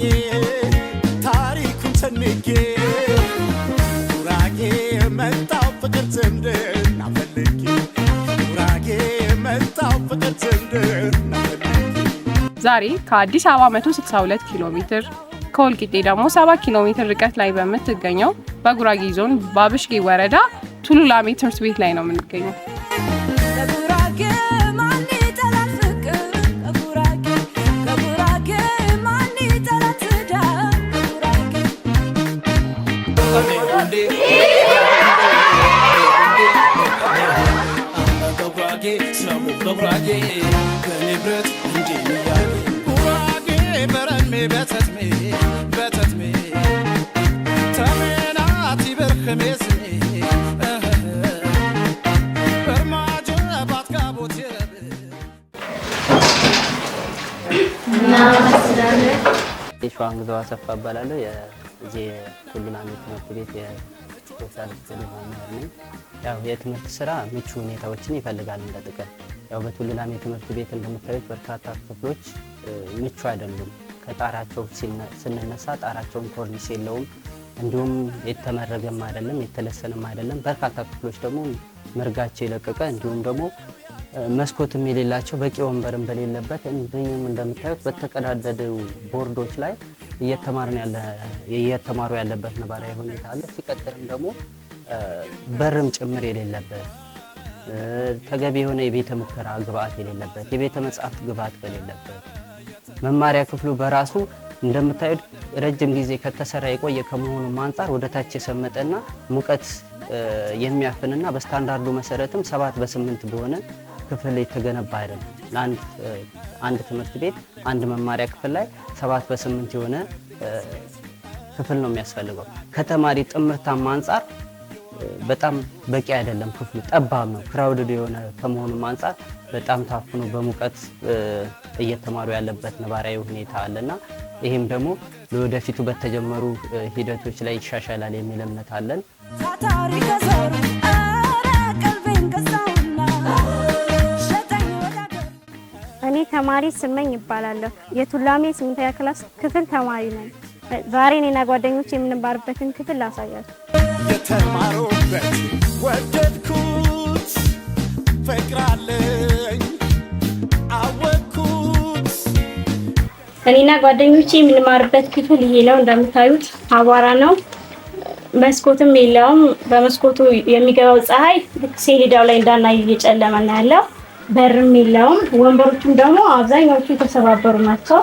ጉራጌ ታሪኩን ሰንጌ ጉራጌ መጣው ፍቅር ዝምድና ፈልጌ ጉራጌ መጣው ፍቅር ዝምድና ዛሬ ከአዲስ አበባ 162 ኪሎ ሜትር ከወልቂጤ ደግሞ 7 ኪሎ ሜትር ርቀት ላይ በምትገኘው በጉራጌ ዞን ባብሽጌ ወረዳ ቱሉላሜ ትምህርት ቤት ላይ ነው የምንገኘው። ጉራጌ በንብረት አሰፋ እባላለሁ። እዚህ አንድ ትምህርት ቤት የስፖርት መምህር ነኝ። ያው የትምህርት ስራ ምቹ ሁኔታዎችን ይፈልጋል እንደ ጥቅል ያው በቱልናሜ ትምህርት ቤት እንደምታዩት በርካታ ክፍሎች ምቹ አይደሉም። ከጣራቸው ስንነሳ ጣራቸውን ኮርኒስ የለውም፣ እንዲሁም የተመረገም አይደለም የተለሰንም አይደለም። በርካታ ክፍሎች ደግሞ መርጋቸው የለቀቀ እንዲሁም ደግሞ መስኮትም የሌላቸው በቂ ወንበርም በሌለበት እንዲሁም እንደምታዩት በተቀዳደዱ ቦርዶች ላይ እየተማሩ ያለበት ነባራዊ ሁኔታ አለ። ሲቀጥልም ደግሞ በርም ጭምር የሌለበት ተገቢ የሆነ የቤተ ሙከራ ግብአት የሌለበት የቤተ መጻሕፍት ግብአት በሌለበት መማሪያ ክፍሉ በራሱ እንደምታዩት ረጅም ጊዜ ከተሰራ የቆየ ከመሆኑም አንጻር ወደታች የሰመጠና ሙቀት የሚያፍንና በስታንዳርዱ መሰረትም ሰባት በስምንት በሆነ ክፍል የተገነባ አይደለም። አንድ ትምህርት ቤት አንድ መማሪያ ክፍል ላይ ሰባት በስምንት የሆነ ክፍል ነው የሚያስፈልገው። ከተማሪ ጥምርታማ አንጻር በጣም በቂ አይደለም። ክፍሉ ጠባብ ነው። ክራውድድ የሆነ ከመሆኑም አንጻር በጣም ታፍኖ በሙቀት እየተማሩ ያለበት ነባራዊ ሁኔታ አለና ይህም ደግሞ ለወደፊቱ በተጀመሩ ሂደቶች ላይ ይሻሻላል የሚል እምነት አለን። ተማሪ ስመኝ ይባላለሁ። የቱላሜ ስምንተኛ ክላስ ክፍል ተማሪ ነኝ። ዛሬ እኔና ጓደኞች የምንማርበትን ክፍል አሳያችሁ። የተማሩበት ወደድኩት፣ ፈቅራለኝ፣ አወቅኩት። እኔና ጓደኞቼ የምንማርበት ክፍል ይሄ ነው። እንደምታዩት አቧራ ነው። መስኮትም የለውም። በመስኮቱ የሚገባው ፀሐይ ልክ ሴሌዳው ላይ እንዳናይ እየጨለመ ነው ያለው በርም የለውም። ወንበሮቹም ደግሞ አብዛኛዎቹ የተሰባበሩ ናቸው።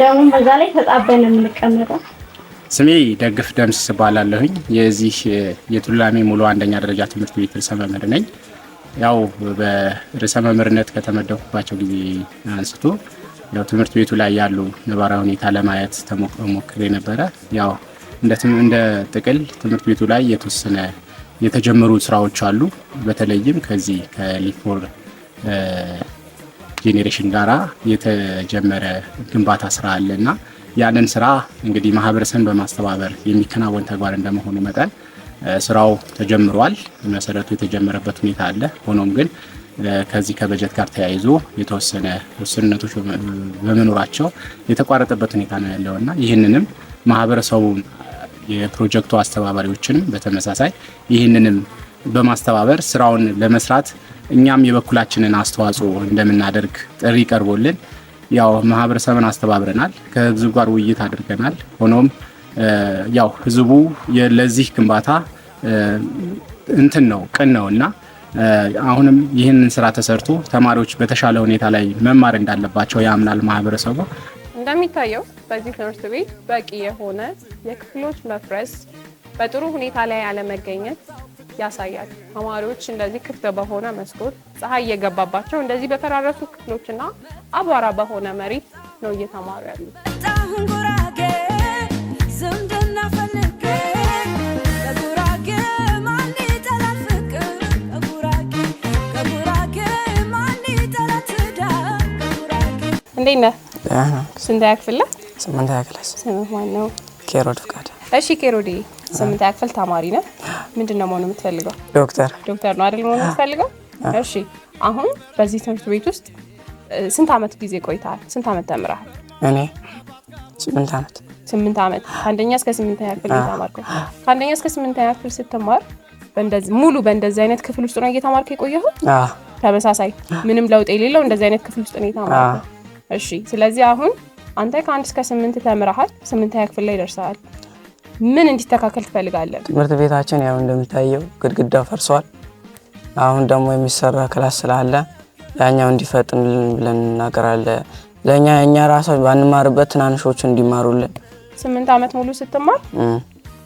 ደግሞ በዛ ላይ ተጣበን የምንቀመጠው። ስሜ ደግፍ ደምስ እባላለሁኝ። የዚህ የቱላሜ ሙሉ አንደኛ ደረጃ ትምህርት ቤት ርዕሰ መምህር ነኝ። ያው በርዕሰ መምህርነት ከተመደኩባቸው ጊዜ አንስቶ ያው ትምህርት ቤቱ ላይ ያሉ ነባራዊ ሁኔታ ለማየት ሞክሬ ነበረ። ያው እንደ ጥቅል ትምህርት ቤቱ ላይ የተወሰነ የተጀመሩ ስራዎች አሉ። በተለይም ከዚህ ከሊፎር ጄኔሬሽን ጋራ የተጀመረ ግንባታ ስራ አለ እና ያንን ስራ እንግዲህ ማህበረሰብን በማስተባበር የሚከናወን ተግባር እንደመሆኑ መጠን ስራው ተጀምሯል። መሰረቱ የተጀመረበት ሁኔታ አለ። ሆኖም ግን ከዚህ ከበጀት ጋር ተያይዞ የተወሰነ ውስንነቶች በመኖራቸው የተቋረጠበት ሁኔታ ነው ያለው እና ይህንንም ማህበረሰቡን የፕሮጀክቱ አስተባባሪዎችንም በተመሳሳይ ይህንንም በማስተባበር ስራውን ለመስራት እኛም የበኩላችንን አስተዋጽኦ እንደምናደርግ ጥሪ ቀርቦልን ያው ማህበረሰብን አስተባብረናል፣ ከህዝብ ጋር ውይይት አድርገናል። ሆኖም ያው ህዝቡ ለዚህ ግንባታ እንትን ነው ቅን ነው እና አሁንም ይህንን ስራ ተሰርቶ ተማሪዎች በተሻለ ሁኔታ ላይ መማር እንዳለባቸው ያምናል ማህበረሰቡ። እንደሚታየው በዚህ ትምህርት ቤት በቂ የሆነ የክፍሎች መፍረስ፣ በጥሩ ሁኔታ ላይ ያለመገኘት ያሳያል። ተማሪዎች እንደዚህ ክፍት በሆነ መስኮት ፀሐይ እየገባባቸው እንደዚህ በፈራረሱ ክፍሎችና አቧራ በሆነ መሬት ነው እየተማሩ ያሉ። እንዴት ነህ? ስንተኛ ክፍል ነህ? ስምንተኛ ክፍል። ስምህ ማነው? ኬሮድ ፍቃድ። እሺ ኬሮዴ፣ ስምንተኛ ክፍል ተማሪ ነህ? ምንድን ነው መሆን የምትፈልገው? ዶክተር። ዶክተር ነው አይደል መሆን የምትፈልገው? እሺ። አሁን በዚህ ትምህርት ቤት ውስጥ ስንት ዓመት ጊዜ ቆይተሃል? ስንት አመት ተምረሃል? እኔ ስምንት አመት። ስምንት አመት ከአንደኛ እስከ ስምንተኛ ክፍል የተማርከው? ከአንደኛ እስከ ስምንተኛ ክፍል ስትማር ሙሉ በእንደዚህ አይነት ክፍል ውስጥ ነው እየተማርክ የቆየው? ተመሳሳይ ምንም ለውጥ የሌለው እንደዚህ አይነት ክፍል ውስጥ ነው የተማርከው? እሺ። ስለዚህ አሁን አንተ ከአንድ እስከ ስምንት ተምረሃል፣ ስምንተኛ ክፍል ላይ ደርሰሃል። ምን እንዲስተካከል ትፈልጋለን? ትምህርት ቤታችን ያው እንደሚታየው ግድግዳ ፈርሷል። አሁን ደግሞ የሚሰራ ክላስ ስላለ ያኛው እንዲፈጥንልን ብለን እናገራለን። ለእኛ የእኛ ራሳ ባንማርበት ትናንሾቹ እንዲማሩልን። ስምንት ዓመት ሙሉ ስትማር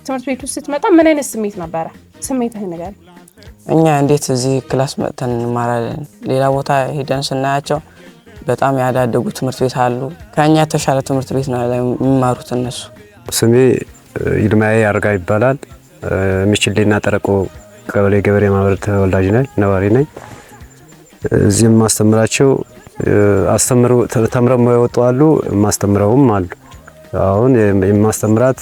ትምህርት ቤት ውስጥ ስትመጣ ምን አይነት ስሜት ነበረ? ስሜትህ ንገር። እኛ እንዴት እዚህ ክላስ መጥተን እንማራለን? ሌላ ቦታ ሄደን ስናያቸው በጣም ያዳደጉ ትምህርት ቤት አሉ። ከኛ የተሻለ ትምህርት ቤት ነው የሚማሩት እነሱ። ስሜ ይድማዬ አርጋ ይባላል። ምችሌና ጠረቆ ቀበሌ ገበሬ ማህበር ተወላጅ ነኝ፣ ነዋሪ ነኝ። እዚህም ማስተምራቸው አስተምረው ተምረው የወጡ አሉ፣ ማስተምረውም አሉ። አሁን የማስተምራት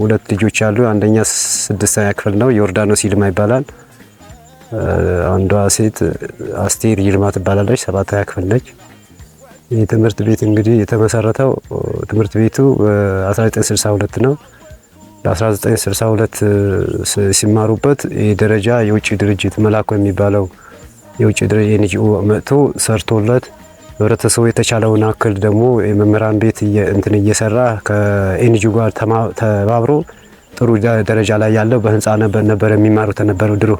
ሁለት ልጆች አሉ። አንደኛ ስድስተኛ ክፍል ነው፣ ዮርዳኖስ ይልማ ይባላል። አንዷ ሴት አስቴር ይልማ ትባላለች፣ ሰባተኛ ክፍል ነች። ይህ ትምህርት ቤት እንግዲህ የተመሰረተው ትምህርት ቤቱ በ1962 ነው። በ1962 ሲማሩበት የደረጃ ደረጃ የውጭ ድርጅት መላኮ የሚባለው የውጭ ኤንጂኦ መጥቶ ሰርቶለት ህብረተሰቡ የተቻለውን አክል ደግሞ የመምህራን ቤት እንትን እየሰራ ከኤንጂኦ ጋር ተባብሮ ጥሩ ደረጃ ላይ ያለው በህንፃ ነበር የሚማሩ ተነበረው ድሮ።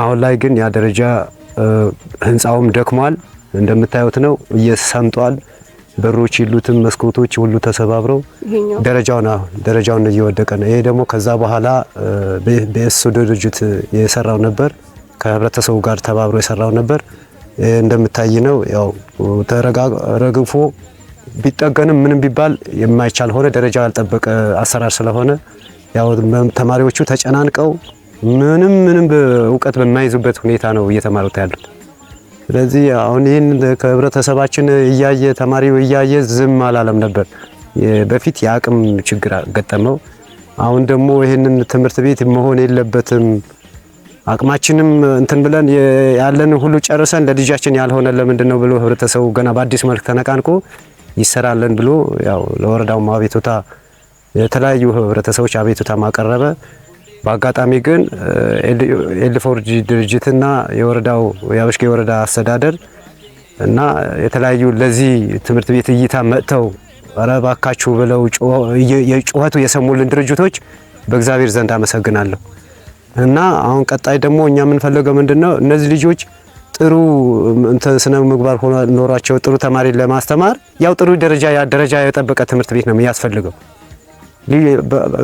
አሁን ላይ ግን ያ ደረጃ ህንፃውም ደክሟል። እንደምታዩት ነው እየሰምጧል። በሮች ይሉትም መስኮቶች ሁሉ ተሰባብረው ደረጃውን ደረጃውን እየወደቀ ነው። ይሄ ደግሞ ከዛ በኋላ በኤስሶ ድርጅት የሰራው ነበር፣ ከህብረተሰቡ ጋር ተባብሮ የሰራው ነበር። እንደምታይ ነው ያው ተረግፎ ቢጠገንም ምንም ቢባል የማይቻል ሆነ። ደረጃ ያልጠበቀ አሰራር ስለሆነ ያው ተማሪዎቹ ተጨናንቀው ምንም ምንም እውቀት በማይዙበት ሁኔታ ነው እየተማሩት ያሉት። ስለዚህ አሁን ይህን ከህብረተሰባችን እያየ ተማሪው እያየ ዝም አላለም ነበር። በፊት የአቅም ችግር ገጠመው። አሁን ደግሞ ይህንን ትምህርት ቤት መሆን የለበትም አቅማችንም እንትን ብለን ያለን ሁሉ ጨርሰን ለልጃችን ያልሆነ ለምንድን ነው ብሎ ህብረተሰቡ ገና በአዲስ መልክ ተነቃንቆ ይሰራለን ብሎ ያው ለወረዳውም አቤቱታ የተለያዩ ህብረተሰቦች አቤቱታ ማቀረበ በአጋጣሚ ግን ኤልፎርጂ ድርጅትና የወረዳው የአበሽጌ ወረዳ አስተዳደር እና የተለያዩ ለዚህ ትምህርት ቤት እይታ መጥተው ኧረ እባካችሁ ብለው የጩኸቱ የሰሙልን ድርጅቶች በእግዚአብሔር ዘንድ አመሰግናለሁ። እና አሁን ቀጣይ ደግሞ እኛ የምንፈልገው ምንድን ነው? እነዚህ ልጆች ጥሩ ስነ ምግባር ኖሯቸው ጥሩ ተማሪ ለማስተማር ያው ጥሩ ደረጃ ደረጃ የጠበቀ ትምህርት ቤት ነው የሚያስፈልገው።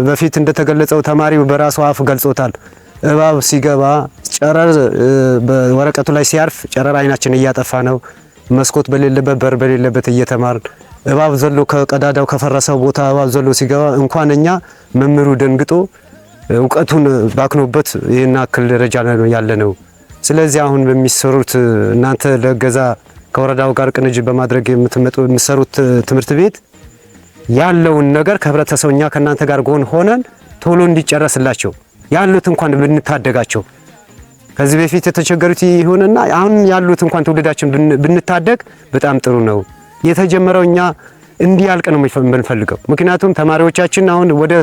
በፊት እንደተገለጸው ተማሪው በራሱ አፍ ገልጾታል። እባብ ሲገባ ጨረር በወረቀቱ ላይ ሲያርፍ ጨረር አይናችን እያጠፋ ነው። መስኮት በሌለበት በር በሌለበት እየተማር እባብ ዘሎ ከቀዳዳው ከፈረሰው ቦታ እባብ ዘሎ ሲገባ እንኳን እኛ መምህሩ ደንግጦ እውቀቱን ባክኖበት ይህን አክል ደረጃ ያለ ነው። ስለዚህ አሁን በሚሰሩት እናንተ ለገዛ ከወረዳው ጋር ቅንጅ በማድረግ የምትመጡ የምትሰሩት ትምህርት ቤት ያለውን ነገር ከህብረተሰቡ እኛ ከእናንተ ጋር ጎን ሆነን ቶሎ እንዲጨረስላቸው ያሉት እንኳን ብንታደጋቸው ከዚህ በፊት የተቸገሩት ይሁንና አሁን ያሉት እንኳን ትውልዳችን ብንታደግ በጣም ጥሩ ነው። የተጀመረው እኛ እንዲያልቅ ነው የምንፈልገው። ምክንያቱም ተማሪዎቻችን አሁን ወደ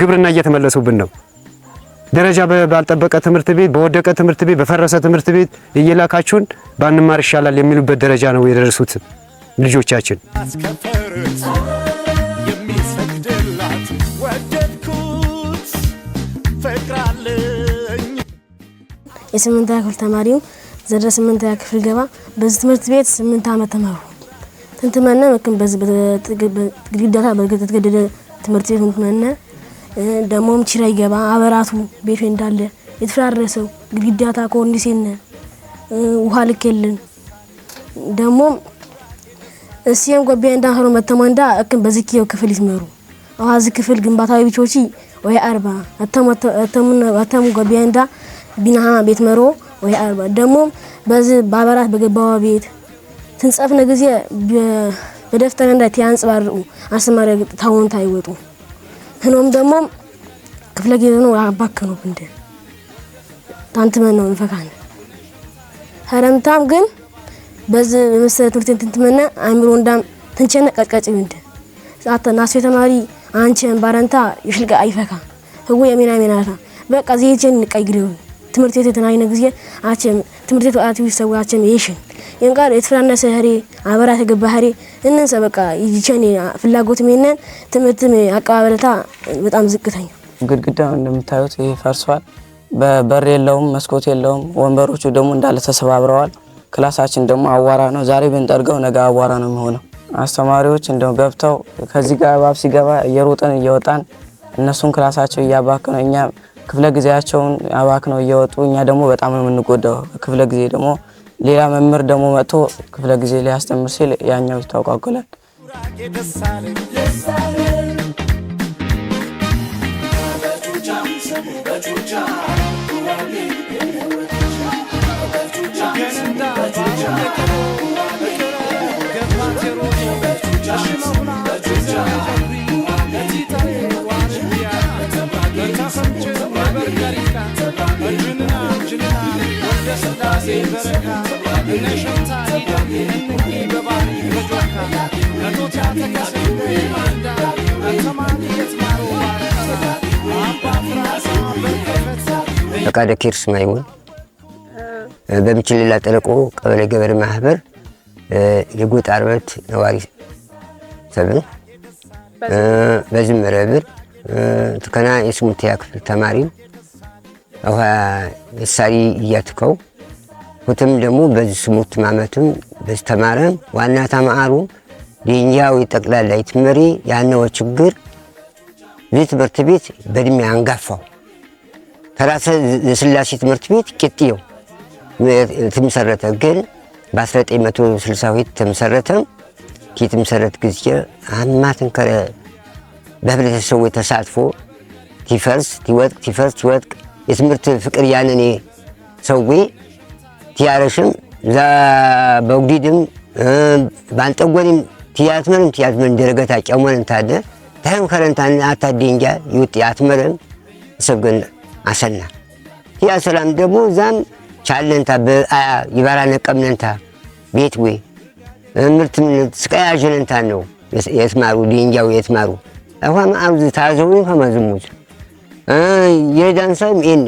ግብርና እየተመለሱብን ነው። ደረጃ ባልጠበቀ ትምህርት ቤት፣ በወደቀ ትምህርት ቤት፣ በፈረሰ ትምህርት ቤት እየላካችሁን ባንማር ይሻላል የሚሉበት ደረጃ ነው የደረሱት ልጆቻችን። የስምንተኛ ክፍል ተማሪው ዘደ ስምንተኛ ክፍል ገባ። በዚህ ትምህርት ቤት ስምንት አመት ተማሩ። ትንትመነ መክም ግድግዳታ በእርግጥ የተገደደ ትምህርት ቤት ትንትመነ ደግሞም ችራይ ይገባ አበራቱ ቤቱ እንዳለ የተፈራረሰው ግድግዳታ ኮንዲሴነ ውሃ ልክ የለን ደግሞ እስየም ጎቤ እንዳንኸሮ መተመንዳ እክም በዚክየው ክፍል ይስመሩ አዋዚ ክፍል ግንባታዊ ቢቾቺ ወይ አርባ አተሙ ጎቤ እንዳ ቢናሃማ ቤት መሮ ወይ አርባ ደግሞ በዚህ ባበራት በገባው ቤት ትንጸፍነ ጊዜ በደፍተረ እንዳት ያንጽባርቁ አስማሪ ታወንታ አይወጡ ህኖም ደግሞ ክፍለ ጊዜ ነው ያባከኑ እንደ ታንትመን ነው እንፈካን ሀረምታም ግን በዚህ በመሰለ ትምህርት ትንትመና አእምሮ እንዳም ትንቸነ ቀጥቀጭ እንደ ጻተ ናስ የተማሪ አንቺን ባረንታ ይሽልቀ አይፈካ ህጉ የሚና ሚናታ በቃ ዘይቼን ንቀይግሪው ትምህርት ቤት የተገናኘን ጊዜ አቸም ትምህርት ቤት አት ሰው አቸም ይሽን የንቃር የተፈናነሰ ህሬ አበራ ተገባ ህሬ እነንሰ ሰበቃ ይቸን ፍላጎት ምነን ትምህርትም አቀባበለታ በጣም ዝቅተኛ። ግድግዳው እንደምታዩት ይሄ ፈርሷል። በበር የለውም፣ መስኮት የለውም። ወንበሮቹ ደግሞ እንዳለ ተሰባብረዋል። ክላሳችን ደግሞ አዋራ ነው። ዛሬ ብንጠርገው ነገ አዋራ ነው የሚሆነው። አስተማሪዎች እንደው ገብተው ከዚህ ጋር እባብ ሲገባ እየሮጠን እየወጣን እነሱን ክላሳቸው እያባከነው እኛ ክፍለ ጊዜያቸውን አባክ ነው እየወጡ እኛ ደግሞ በጣም ነው የምንጎዳው። ክፍለ ጊዜ ደግሞ ሌላ መምህር ደግሞ መጥቶ ክፍለ ጊዜ ሊያስተምር ሲል ያኛው ይታጓጉላል። በረካ እነሸምታ ሂዳ እንኪ በባል ጠለቆ ቀበሌ ገበሬ ማህበር የጎጥ አርበት ነዋሪ መረብር ትከና ክፍል ውሃ እያትከው ያልኩትም ደግሞ በዚህ ስሙት ማመትም በስተማረ ዋና ተማሩ ዲንጃዊ ጠቅላላ ይትመሪ ያነወ ችግር ዝ ትምህርት ቤት በእድሜ አንጋፋው ተራሰ የስላሴ ትምህርት ቤት ቄጥየው ትምሰረተ ግን በ1962 ተመሰረተ። የተመሰረት ጊዜ አማትን ከረ በህብረተሰቡ ተሳትፎ ቲፈርስ ቲወጥቅ ቲፈርስ ቲወጥቅ የትምህርት ፍቅር ያነኔ ሰዌ ትያረሽም በጉዲድም በአንጠጎንም ትያትመንም ትያትመን ደረገታ ጨሞንም ታደ ታይም ከረንታን አታደ እንጃ ይውጥ ያትመረም ሰገን አሰና ያ ሰላም ደግሞ ዛም ቻለንታ በአያ ይባራ ነቀምነንታ ቤት ወይ ምርት ስቀያዥነንታ ነው የትማሩ ድንጃው የትማሩ አሁን አብዝ ታዘውን ከመዝሙት የዳንሳም ይሄን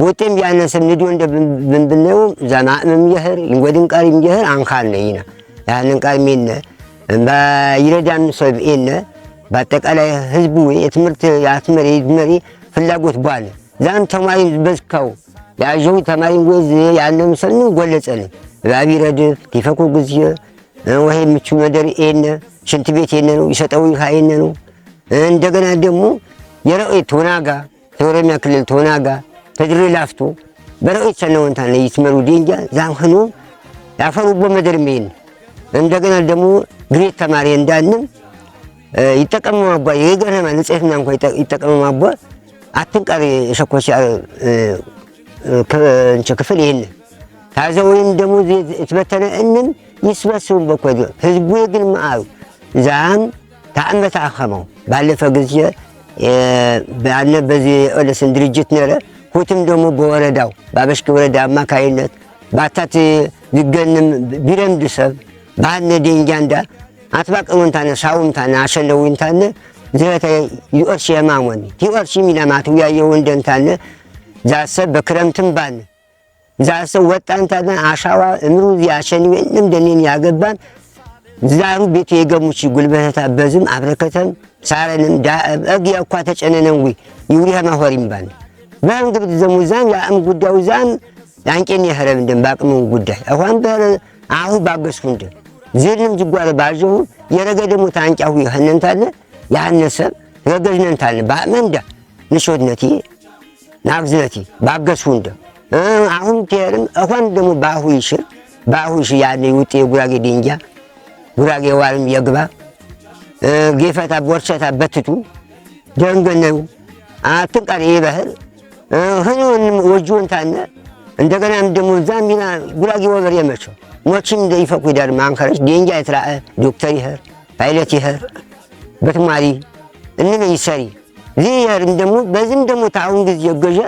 ቦጤም ያነ ንዲዮ እንደ ብንብነው ዘማእምም የህር ይንጎድን ቃሪም የህር አንካል ነው ያንን ቃሪም የነ በይረዳን ሰብ የነ በአጠቃላይ ህዝቡ የትምህርት ያትመሪ ይድመሪ ፍላጎት ባለ ዛን ተማሪ በዝካው ያጀው ተማሪ ወዝ ያንም ሰኑ ጎለጸል ባቢ ረድፍ ቲፈኩ ጊዜ ወይ ምቹ መደር የነ ሽንት ቤት የነ ነው ይሰጠው ይካየነ ነው እንደገና ደግሞ የረኦይ ቶናጋ ተወረሚያ ክልል ቶናጋ ተድሪ ላፍቶ በረእት ሰነውንታ ነ ይስመሩ ዴንጃ ዛም ህኑ ያፈሩቦ መደር ሜን እንደገና ደግሞ ግሬት ተማሪ እንዳንም ይጠቀሙ አባ የገነማ ንጽህና እንኳ ይጠቀሙ አባ አትንቀር ሸኮሻ ክፍል ይህን ታዘ ወይም ደግሞ የተበተነ እንም ይስበስቡ በኮዶ ህዝቡ ግን መአሩ ዛም ተአመተ አኸመው ባለፈ ጊዜ በዚህ ኦለስን ድርጅት ነረ ኩትም ደግሞ በወረዳው በአበሽኪ ወረዳ አማካይነት ባታት ቢገንም ቢረምድ ሰብ ባህነ ደንጃንዳ አትባቅሎንታነ ሳውንታነ አሸለዊንታነ ዝረተ ይቆርሽ የማሞኒ ይቆርሽ ሚለማት ያየ ወንደንታነ ዛሰብ በክረምትም ባን ዛሰብ ወጣንታነ አሻዋ እምሩ ያሸኒ ወንም ደኔን ያገባን ዛሩ ቤት የገሙች ጉልበተታ በዝም አብረከተም ሳረንም ዳ እግ ያኳ ተጨነነዊ ይውሪያ ማሆሪም ባን በህንግብ ዘሙዛን የአም ጉዳዩ ዛን ያንቄን የኸረብ እንደም ባቅሙን ጉዳይ አሁን በረ አሁ ባገስኩ እንደ ዝልም ዝጓለ ባጀሁ የረገ ደሞ ታንጫሁ ይህነንታለ ያነሰብ ረገዝነንታለ ባመንዳ ንሾድነቲ ናግዝነቲ ባገስኩ እንደ አሁን ተርም አሁን ደሞ ባሁ ይሽር ባሁ ይሽ ያለ ይውጥ የጉራጌ ድንጃ ጉራጌ ዋልም የግባ ጌፈታ ቦርሸታ በትቱ ደንገነው አትንቃሪ ይበህል ህኑን ወጆን ታነ እንደገና ደግሞ ዛምቢና ጉራጌ ወበር የመቸው ሞችን እንደይፈቁ ይዳር ማንከረች ዴንጃ የትራአ ዶክተር ይኸር ፓይለት ይኸር በትማሪ እንን ይሰሪ ዚህርም ደግሞ በዚህም ደግሞ ታሁን ጊዜ የገዠ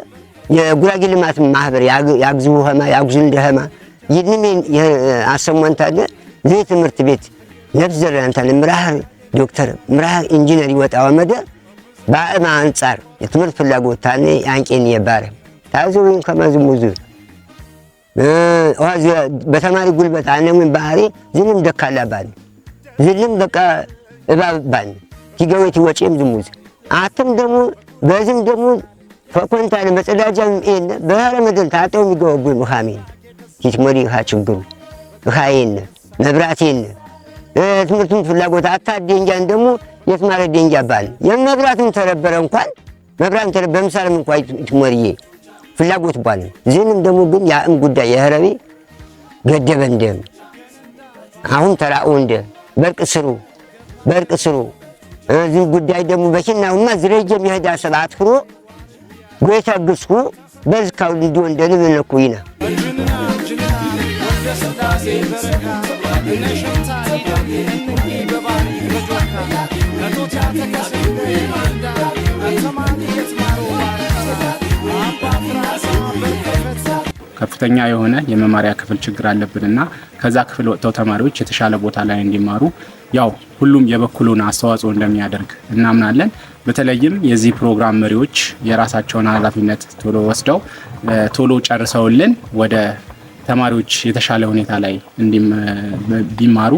የጉራጌ ልማት ማህበር ያግዝቡ ኸማ ያግዙ እንደኸማ ይድንም አሰሞንታለ ዚህ ትምህርት ቤት ነፍስ ዘራንታለ ምራህር ዶክተር ምራህር ኢንጂነር ይወጣ ወመደ ባእማ አንጻር የትምህርት ፍላጎት ታኒ አንቄን የባረ ታዙሩን ከመዝሙዙ ወዚ በተማሪ ጉልበት አነሙን ባህሪ ዝንም ደካላባን ዝልም በቃ እባብባን ቲገወት ወጪም ዝሙዝ አትም ደሞ በዝም ደሞ ፈኮንታን መጸዳጃም ኤን በሃረ መደል ታጠው የሚገወጉ ምኻሚን ቲትሞሪ ኻ ችግሩ እኻየን መብራቴን ትምህርቱን ፍላጎት አታደንጃን ደሞ የት ማለት ደንጃ ባል የመብራቱን ተረበረ እንኳን መብራቱን ተረበረ በምሳሌም እንኳን ይትሞርዬ ፍላጎት ባል ዝንም ደግሞ ግን የአእም ጉዳይ የህረቤ ገደበ እንደ አሁን ተራኡ እንደ በርቅ ስሩ በርቅ ስሩ ዝም ጉዳይ ደግሞ በሽናውማ ዝረጀም የህዳ ሰባት ክሮ ጎይታ ግስኩ በዝካው እንዲሆ እንደ ልብነኩ ይና በረካ Yeah. ከፍተኛ የሆነ የመማሪያ ክፍል ችግር አለብንና ከዛ ክፍል ወጥተው ተማሪዎች የተሻለ ቦታ ላይ እንዲማሩ ያው ሁሉም የበኩሉን አስተዋጽኦ እንደሚያደርግ እናምናለን። በተለይም የዚህ ፕሮግራም መሪዎች የራሳቸውን ኃላፊነት ቶሎ ወስደው ቶሎ ጨርሰውልን ወደ ተማሪዎች የተሻለ ሁኔታ ላይ እንዲማሩ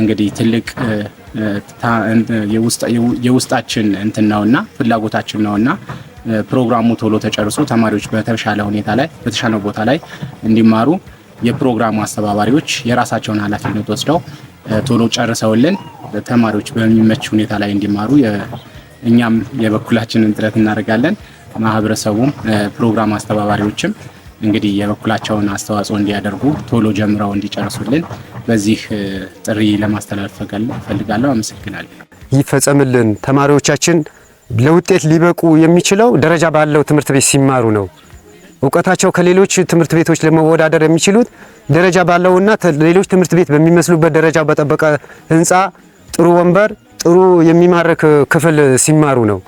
እንግዲህ ትልቅ የውስጣችን እንትን ነውና ፍላጎታችን ነውና ፕሮግራሙ ቶሎ ተጨርሶ ተማሪዎች በተሻለ ሁኔታ ላይ በተሻለ ቦታ ላይ እንዲማሩ የፕሮግራሙ አስተባባሪዎች የራሳቸውን ኃላፊነት ወስደው ቶሎ ጨርሰውልን ተማሪዎች በሚመች ሁኔታ ላይ እንዲማሩ እኛም የበኩላችንን ጥረት እናደርጋለን። ማህበረሰቡም ፕሮግራም አስተባባሪዎችም እንግዲህ የበኩላቸውን አስተዋጽኦ እንዲያደርጉ ቶሎ ጀምረው እንዲጨርሱልን በዚህ ጥሪ ለማስተላለፍ ፈልጋለሁ። አመሰግናለሁ። ይፈጸምልን። ተማሪዎቻችን ለውጤት ሊበቁ የሚችለው ደረጃ ባለው ትምህርት ቤት ሲማሩ ነው። እውቀታቸው ከሌሎች ትምህርት ቤቶች ለመወዳደር የሚችሉት ደረጃ ባለውና ሌሎች ትምህርት ቤት በሚመስሉበት ደረጃ በጠበቀ ህንፃ፣ ጥሩ ወንበር፣ ጥሩ የሚማርክ ክፍል ሲማሩ ነው።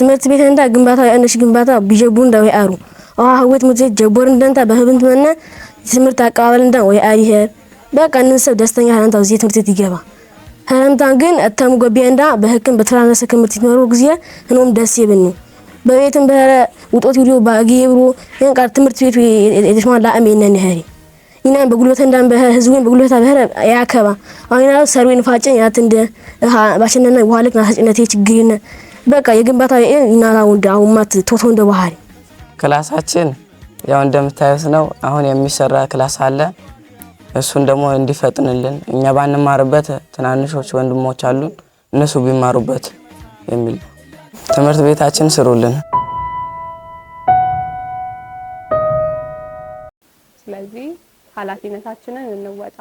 ትምህርት ቤት እንዳ ግንባታ ያነሽ ግንባታ ቢጀቡ እንዳ ወይ አሩ አሁን ትምህርት ቤት ጀቦር እንደንታ በህብንት መነ ትምህርት አቀባበል እንዳ ወይ አሪሄር በቃ ሰው ደስተኛ ህረንታ እዚህ ትምህርት ቤት ይገባ ህረንታ ግን እተሙ ጎቢያ እንዳ በህክም በተራነሰ ክምርት ይኖሩ ጊዜ እኖም ደስ ይብኒ በቤትም በረ ውጦት ይሉ ባጊ ይብሩ እንቃር ትምህርት ቤቱ የተሽማ ላእም የነን ይሄሪ ኢና በጉልበት እንዳን በህዝቡን በጉልበት አበረ ያከባ አይና ሰርዌን ፋጭን ያት እንደ ባሽነና ዋለት ናሳጭነት ችግሪነ በቃ የግንባታ ኢና ወንድ አውማት ቶቶ እንደ ባህሪ ክላሳችን ያው እንደምታዩት ነው። አሁን የሚሰራ ክላስ አለ። እሱን ደግሞ እንዲፈጥንልን እኛ ባንማርበት ትናንሾች ወንድሞች አሉን እነሱ ቢማሩበት የሚል ትምህርት ቤታችን ስሩልን። ስለዚህ ኃላፊነታችንን እንወጣ።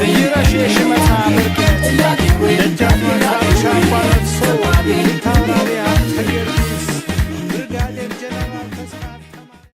You're